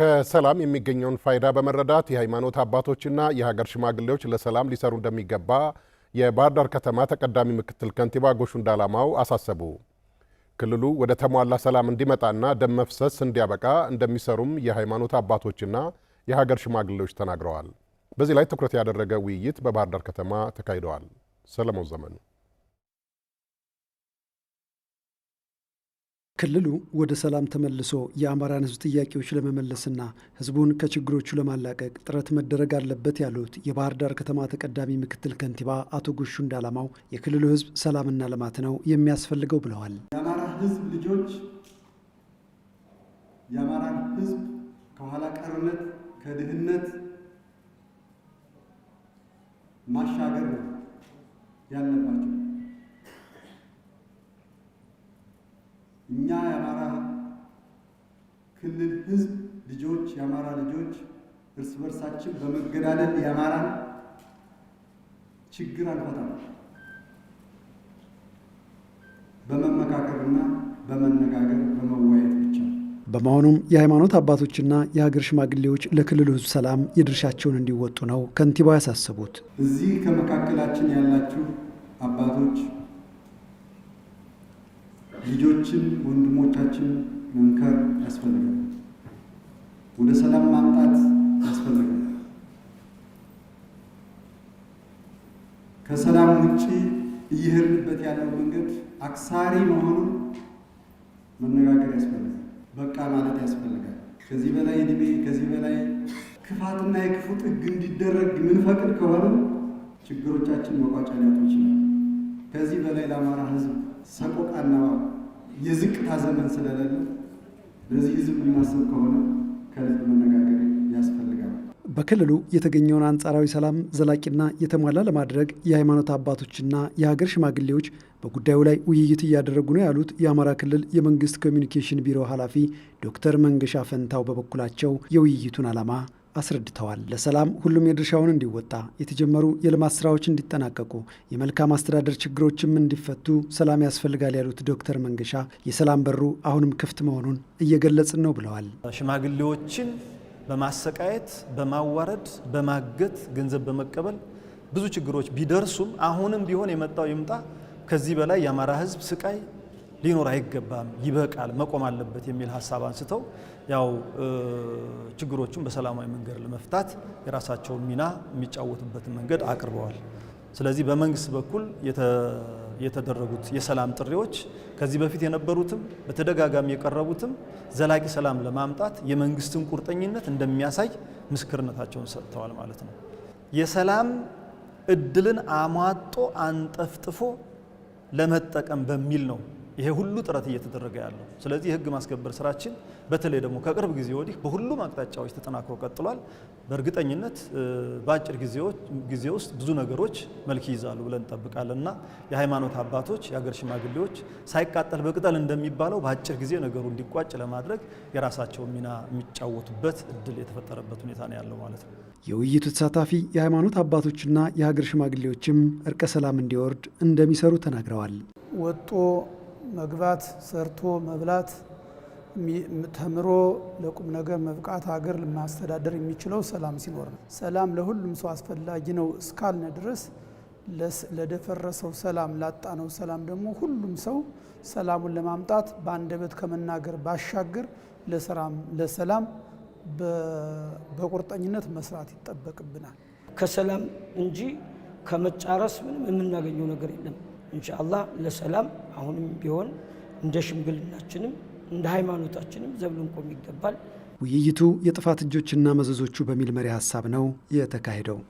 ከሰላም የሚገኘውን ፋይዳ በመረዳት የሃይማኖት አባቶችና የሀገር ሽማግሌዎች ለሰላም ሊሰሩ እንደሚገባ የባህር ዳር ከተማ ተቀዳሚ ምክትል ከንቲባ ጎሹ እንዳላማው አሳሰቡ። ክልሉ ወደ ተሟላ ሰላም እንዲመጣና ደም መፍሰስ እንዲያበቃ እንደሚሰሩም የሃይማኖት አባቶችና የሀገር ሽማግሌዎች ተናግረዋል። በዚህ ላይ ትኩረት ያደረገ ውይይት በባህር ዳር ከተማ ተካሂደዋል። ሰለሞን ዘመኑ ክልሉ ወደ ሰላም ተመልሶ የአማራን ህዝብ ጥያቄዎች ለመመለስና ህዝቡን ከችግሮቹ ለማላቀቅ ጥረት መደረግ አለበት ያሉት የባህር ዳር ከተማ ተቀዳሚ ምክትል ከንቲባ አቶ ጎሹ እንዳላማው የክልሉ ህዝብ ሰላምና ልማት ነው የሚያስፈልገው ብለዋል። የአማራ ህዝብ ልጆች የአማራን ህዝብ ከኋላ ቀርነት ከድህነት ማሻገር ያለባቸው የአማራ ክልል ህዝብ ልጆች የአማራ ልጆች እርስ በርሳችን በመገዳደል የአማራን ችግር አንፈታም። በመመካከርና በመነጋገር በመወያየት ብቻ። በመሆኑም የሃይማኖት አባቶችና የሀገር ሽማግሌዎች ለክልሉ ህዝብ ሰላም የድርሻቸውን እንዲወጡ ነው ከንቲባው ያሳሰቡት። እዚህ ከመካከላችን ያላችሁ አባቶች እህቶቻችን፣ ወንድሞቻችን መምከር ያስፈልጋል። ወደ ሰላም ማምጣት ያስፈልጋል። ከሰላም ውጭ እየሄድንበት ያለው መንገድ አክሳሪ መሆኑን መነጋገር ያስፈልጋል። በቃ ማለት ያስፈልጋል። ከዚህ በላይ እድሜ ከዚህ በላይ ክፋትና የክፉ ጥግ እንዲደረግ ምንፈቅድ ከሆነ ችግሮቻችን መቋጫ ሊያጡ ይችላል። ከዚህ በላይ ለአማራ ሕዝብ ሰቆቃና የዝቅታ ዘመን ስለሌለ ለዚህ ህዝብ የሚማስብ ከሆነ ከህዝብ መነጋገር ያስፈልጋል። በክልሉ የተገኘውን አንጻራዊ ሰላም ዘላቂና የተሟላ ለማድረግ የሃይማኖት አባቶችና የሀገር ሽማግሌዎች በጉዳዩ ላይ ውይይት እያደረጉ ነው ያሉት የአማራ ክልል የመንግስት ኮሚኒኬሽን ቢሮ ኃላፊ ዶክተር መንገሻ ፈንታው በበኩላቸው የውይይቱን ዓላማ አስረድተዋል። ለሰላም ሁሉም የድርሻውን እንዲወጣ፣ የተጀመሩ የልማት ስራዎች እንዲጠናቀቁ፣ የመልካም አስተዳደር ችግሮችም እንዲፈቱ ሰላም ያስፈልጋል ያሉት ዶክተር መንገሻ የሰላም በሩ አሁንም ክፍት መሆኑን እየገለጽን ነው ብለዋል። ሽማግሌዎችን በማሰቃየት በማዋረድ በማገት ገንዘብ በመቀበል ብዙ ችግሮች ቢደርሱም አሁንም ቢሆን የመጣው ይምጣ ከዚህ በላይ የአማራ ህዝብ ስቃይ ሊኖር አይገባም፣ ይበቃል፣ መቆም አለበት የሚል ሀሳብ አንስተው ያው ችግሮቹን በሰላማዊ መንገድ ለመፍታት የራሳቸውን ሚና የሚጫወቱበትን መንገድ አቅርበዋል። ስለዚህ በመንግስት በኩል የተደረጉት የሰላም ጥሪዎች ከዚህ በፊት የነበሩትም በተደጋጋሚ የቀረቡትም ዘላቂ ሰላም ለማምጣት የመንግስትን ቁርጠኝነት እንደሚያሳይ ምስክርነታቸውን ሰጥተዋል ማለት ነው። የሰላም እድልን አሟጦ አንጠፍጥፎ ለመጠቀም በሚል ነው ይሄ ሁሉ ጥረት እየተደረገ ያለው። ስለዚህ የህግ ማስከበር ስራችን በተለይ ደግሞ ከቅርብ ጊዜ ወዲህ በሁሉም አቅጣጫዎች ተጠናክሮ ቀጥሏል። በእርግጠኝነት በአጭር ጊዜ ውስጥ ብዙ ነገሮች መልክ ይይዛሉ ብለን እንጠብቃለን እና የሃይማኖት አባቶች፣ የሀገር ሽማግሌዎች ሳይቃጠል በቅጠል እንደሚባለው በአጭር ጊዜ ነገሩ እንዲቋጭ ለማድረግ የራሳቸውን ሚና የሚጫወቱበት እድል የተፈጠረበት ሁኔታ ነው ያለው ማለት ነው። የውይይቱ ተሳታፊ የሃይማኖት አባቶችና የሀገር ሽማግሌዎችም እርቀ ሰላም እንዲወርድ እንደሚሰሩ ተናግረዋል። ወጦ መግባት፣ ሰርቶ መብላት፣ ተምሮ ለቁም ነገር መብቃት ሀገር ማስተዳደር የሚችለው ሰላም ሲኖር ነው። ሰላም ለሁሉም ሰው አስፈላጊ ነው እስካልነ ድረስ ለደፈረሰው ሰላም ላጣነው ሰላም ደግሞ ሁሉም ሰው ሰላሙን ለማምጣት በአንደበት ከመናገር ባሻገር ለሰላም በቁርጠኝነት መስራት ይጠበቅብናል። ከሰላም እንጂ ከመጫረስ ምንም የምናገኘው ነገር የለም። እንሻላ ለሰላም አሁንም ቢሆን እንደ ሽምግልናችንም እንደ ሃይማኖታችንም ዘብ ልንቆም ይገባል። ውይይቱ የጥፋት እጆችና መዘዞቹ በሚል መሪ ሀሳብ ነው የተካሄደው።